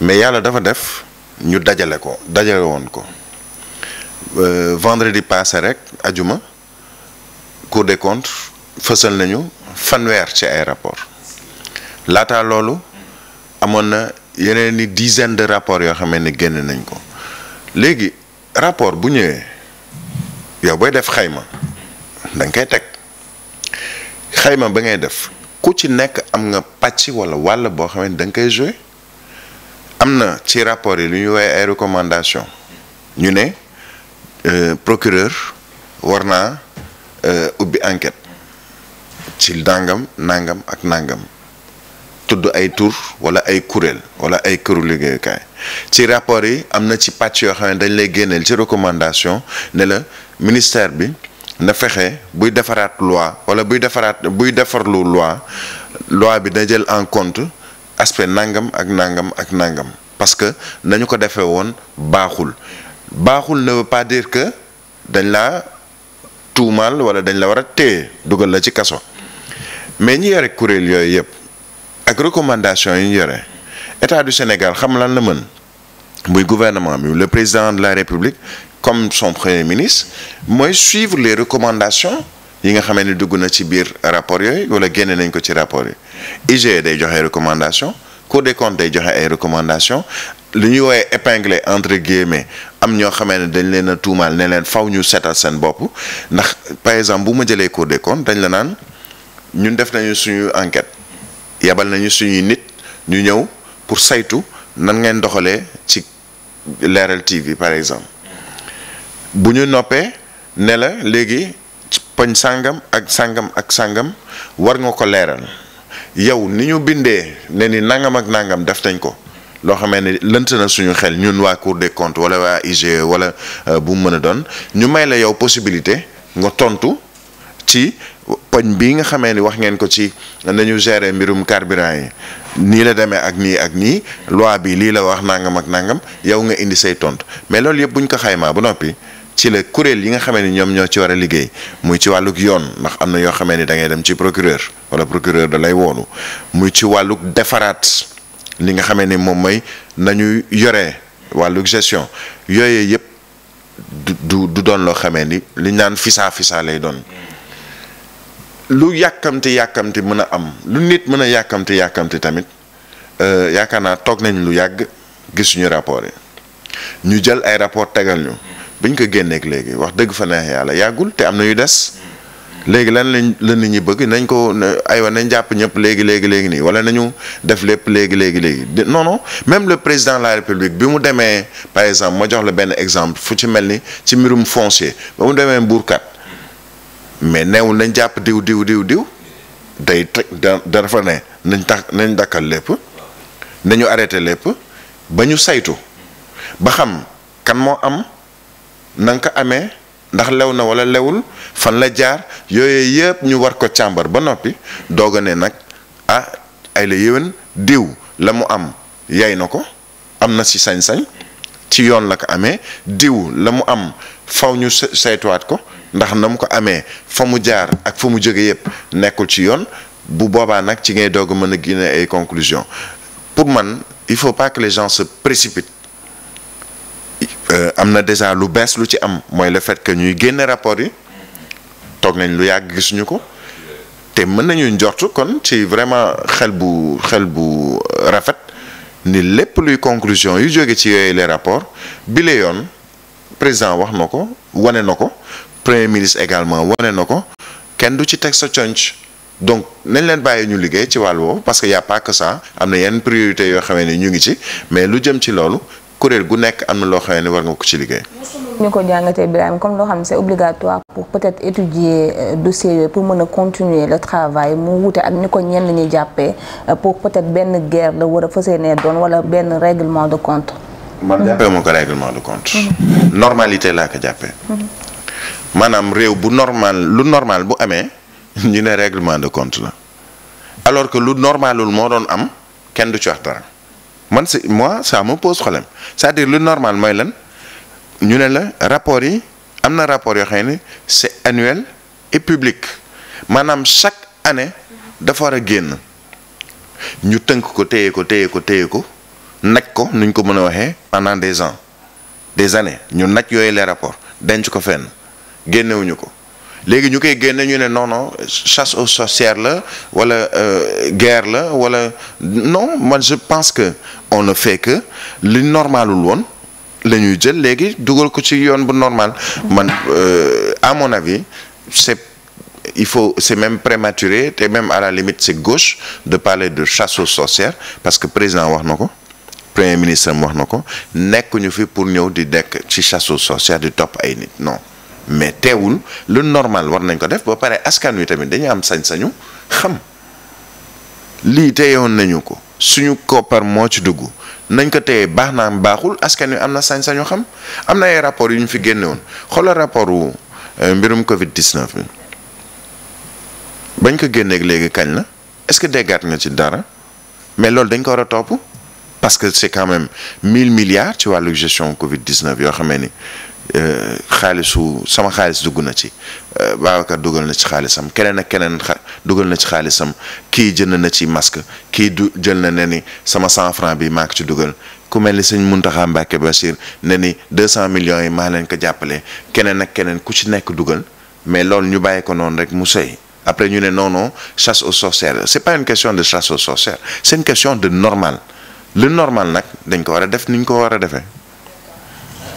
mais yàlla dafa def ñu dajale ko dajale woon ko euh, vendredi passé rek ajuma Cour des comptes fësal nañu fanweer ci ay rapport laataa loolu amoon na yeneen ni dizaine de rapports yoo xamee ni génn nañ ko léegi rapport bu ñëwee yow booy def xayma da nga koy teg xayma ba ngay def ku ci nekk am nga pàcc walla wàll boo xam ne da nga koy joué am na ci rapport yi lu ñu woowee ay recommandation ñu ne euh, procureur war naa euh, ubbi enquette ci dàngam nangam ak nangam tudd ay tur wala ay kuréel wala ay këru liggéeyukaay ci rapport yi am na ci pàcc yoo xam ne dañ lay génneel ci recommandation ne la ministère bi na fexe buy defaraat loi wala buy defaraat buy defarlu loi loi bi na jël en compte aspect nangam ak nangam ak nangam parce que nañu ko defee woon baaxul baaxul ne veut pas dire que dañ laa tuumaal wala dañ la war a téye dugal la ci kaso mais ñi yore kuréel yooyu yëpp ak recommandation yi ñu yore état du Sénégal xam lan la mën muy gouvernement bi le président de la république comme son premier ministre mooy suivre les recommandation yi nga xamee ne dugg na ci biir rapport yooyu wala génne nañ ko ci rapport yi IGE day joxe recommandation Cour des comptes day joxe ay recommandation li ñuy woowee épinglé entre guillemets am ñoo xamee ne dañ leen a tuumaal ne leen faw ñu setal seen bopp ndax par exemple bu ma jëlee Cour des comptes dañ la naan ñun def nañu suñu enquête yebal nañu suñuy nit ñu ñëw pour saytu nan ngeen doxalee ci Leral TV par exemple bu ñu noppee ne la léegi poñ sàngam ak sàngam ak sàngam war nga ko leeral yow ni ñu bindee ne ni nangam ak nangam def nañ ko loo xamee ne lënt na suñu xel ñun waa Cour des comptes wala waa IGE wala euh, bu mu mën a doon ñu may la yow possibilité nga tontu ci poñ bii nga xamee ni wax ngeen ko ci nañu gérer mbirum carburant yi nii la demee ak nii ak nii loi bi lii la wax nangam ak nangam yow nga indi say tontu mais loolu yëpp buñ ko xaymaa ba noppi. ci la kuréel yi nga xamee ni ñoom ñoo ci war a liggéey muy ci wàlluk yoon ndax am na yoo xamee ni da ngay dem ci procureur wala procureur da lay woonu muy ci wàlluk defaraat li nga xamee ni moom mooy nañuy yoree wàlluk gestion yooyee yëpp du du doon loo xamee ni li naan fisaa fisaa lay doon lu yàkkamti yàkkamti mën a am lu nit mën a yàkkamti yàkkamti tamit euh, yaakaar naa toog nañ lu yàgg gisuñu rapport yi ñu jël ay rapport tegal ñu biñ ko génneek léegi wax dëgg fa neex yàlla yàggul te am na yu des léegi lan lañ la nit ñi bëgg nañ ko aywa nañ jàpp ñëpp léegi léegi léegi nii wala nañu def lépp léegi léegi léegi non même le président la république bi mu demee par exemple ma jox la benn exemple fu ci mel ni ci mbirum foncier ba mu demee mbuurkat mais neewul nañ jàpp diw diw diw diw day teg da dafa ne nañ takk nañ dakkal lépp nañu arrêté lépp ba ñu saytu ba xam kan moo am na nga ko amee. ndax lew na wala lewul fan la jaar yooyu yëpp ñu war ko càmbar ba noppi doog a ne nag ah ay la yéwén diw la mu am yay na ko am na ci sañ-sañ ci yoon la ko amee diw la mu am faw ñu saytuwaat ko ndax na mu ko amee fa mu jaar ak fa mu jóge yëpp nekkul ci yoon bu boobaa nag ci ngay doog mën a génne ay conclusion pour man il faut pas que les gens se précipitent am na déjà lu bees lu ci am mooy le fait que ñuy génne rapport yi toog nañ lu yàgg gisuñu ko te mën nañu njort kon ci vraiment xel bu xel bu euh, rafet ni lépp luy conclusion yu jóge ci yooyu les rapports bi yoon président wax na ko wane na ko premier ministre également wane na ko kenn du ci teg sa conc donc nañ leen bàyyi ñu liggéey ci wàll woowu parce que y a pas am na yenn priorité yoo xamee ne ñu ngi ci mais lu jëm ci loolu kuréel gu nekk am na loo xam ne war nga ko ci liggéey. ñu ko jàngatee Birame comme loo xam ne c'est obligatoire pour peut-être étudier euh, dossier yooyu pour mën a continuer le travail mu wute ak ni ko ñenn ñi jàppee euh, pour peut-être benn guerre la war a fas yéenee doon wala benn règlement de compte. man jàppee ma de compte. Mhm. normalité laa ko jàppee. Mhm. maanaam réew bu normal lu normal bu amee ñu ne réglement de compte la alors que lu normalul moo doon am kenn du ci wax dara. man c'est moi ça me pose problème c'est-à-dire lu normal mooy lan ñu ne la rapport yi am na rapport yoo xam ne c'est annuel et public maanaam chaque année dafa war a génn ñu tënk ko téye ko téye ko téye ko naj ko nuñ ko mën a waxee pendant des ans des années ñu naj yooyu rapport rapports denc ko fenn génnewuñu ko léegi ñu koy génne ñu ne non non chasse aux la wala euh, guerre la wala non man je pense que on ne fait que li normalul woon la ñuy jël léegi dugal ko ci yoon bu normal man euh, à mon avis c'est il faut c'est même prématuré te même à la limite c'est gauche de parler de chasse aux sorcières parce que président wax na ko premier ministre am wax na ko nekkuñu ñu fi pour ñëw di dekk ci chasse aux sorcières di topp ay nit mais teewul lu normal war nañ ko def ba pare askan wi tamit dañu am sañ-sañu xam lii teyoon nañu ko suñu koppar moo ci dugg nañ ko téye baax na am baaxul askan wi am na sañ-sañu xam am na ay rapport yu ñu fi génne woon xoolal rapport wu euh, mbirum Covid 19 bi bañ ko génneek léegi kañ la est-ce que déggaat nga ci dara mais loolu dañ ko war a topp parce que c'est quand même mille milliards ci wàllu gestion Covid 19 yoo xamee ni. Euh, xaalisu sama xaalis dugg na ci euh, Babacar dugal na ci xaalisam keneen ak keneen dugal na ci xaalisam kii jënd na ci masque kii du jël na ne ni sama cent franc bi maa ko ci dugal ku mel ni sëñ Muntaxa Mbàkke Bachir ne ni deux cent millions yi maa leen ko jàppale keneen ak keneen ku ci nekk dugal mais loolu ñu bàyyi ko noonu rek mu sey après ñu ne noonu non chasse aux sorcières c'est pas une question de chasse aux sorcières c'est question de normal le normal nag dañ ko war a def ni ñu ko war a defee.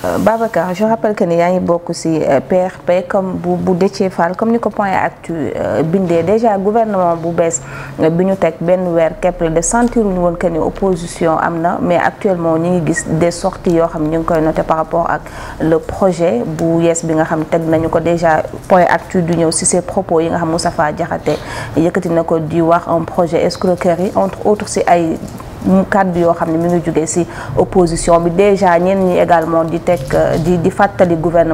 Euh, Babacar je rappelle que ni yaa ngi bokk ci PRP euh, comme bu bu Déthié Fall comme ni ko point actu euh, bindee déjà gouvernement bu bees bi ñu teg benn weer képp la de sentir ñu woon que ni opposition am na mais actuellement ñu ngi gis des sorties yoo xam ñu ngi koy noté par rapport ak le projet bu yees bi nga xam teg nañu ko déjà point actu du ñëw ci ses propos yi nga xam mu Moustapha Diakhaté yëkkati na ko di wax un projet escroquerie entre autres ci ay kàddu yoo xam ne mu ngi jóge ci opposition bi déjà ñenn ñi également di teg di di fàttali gouvernement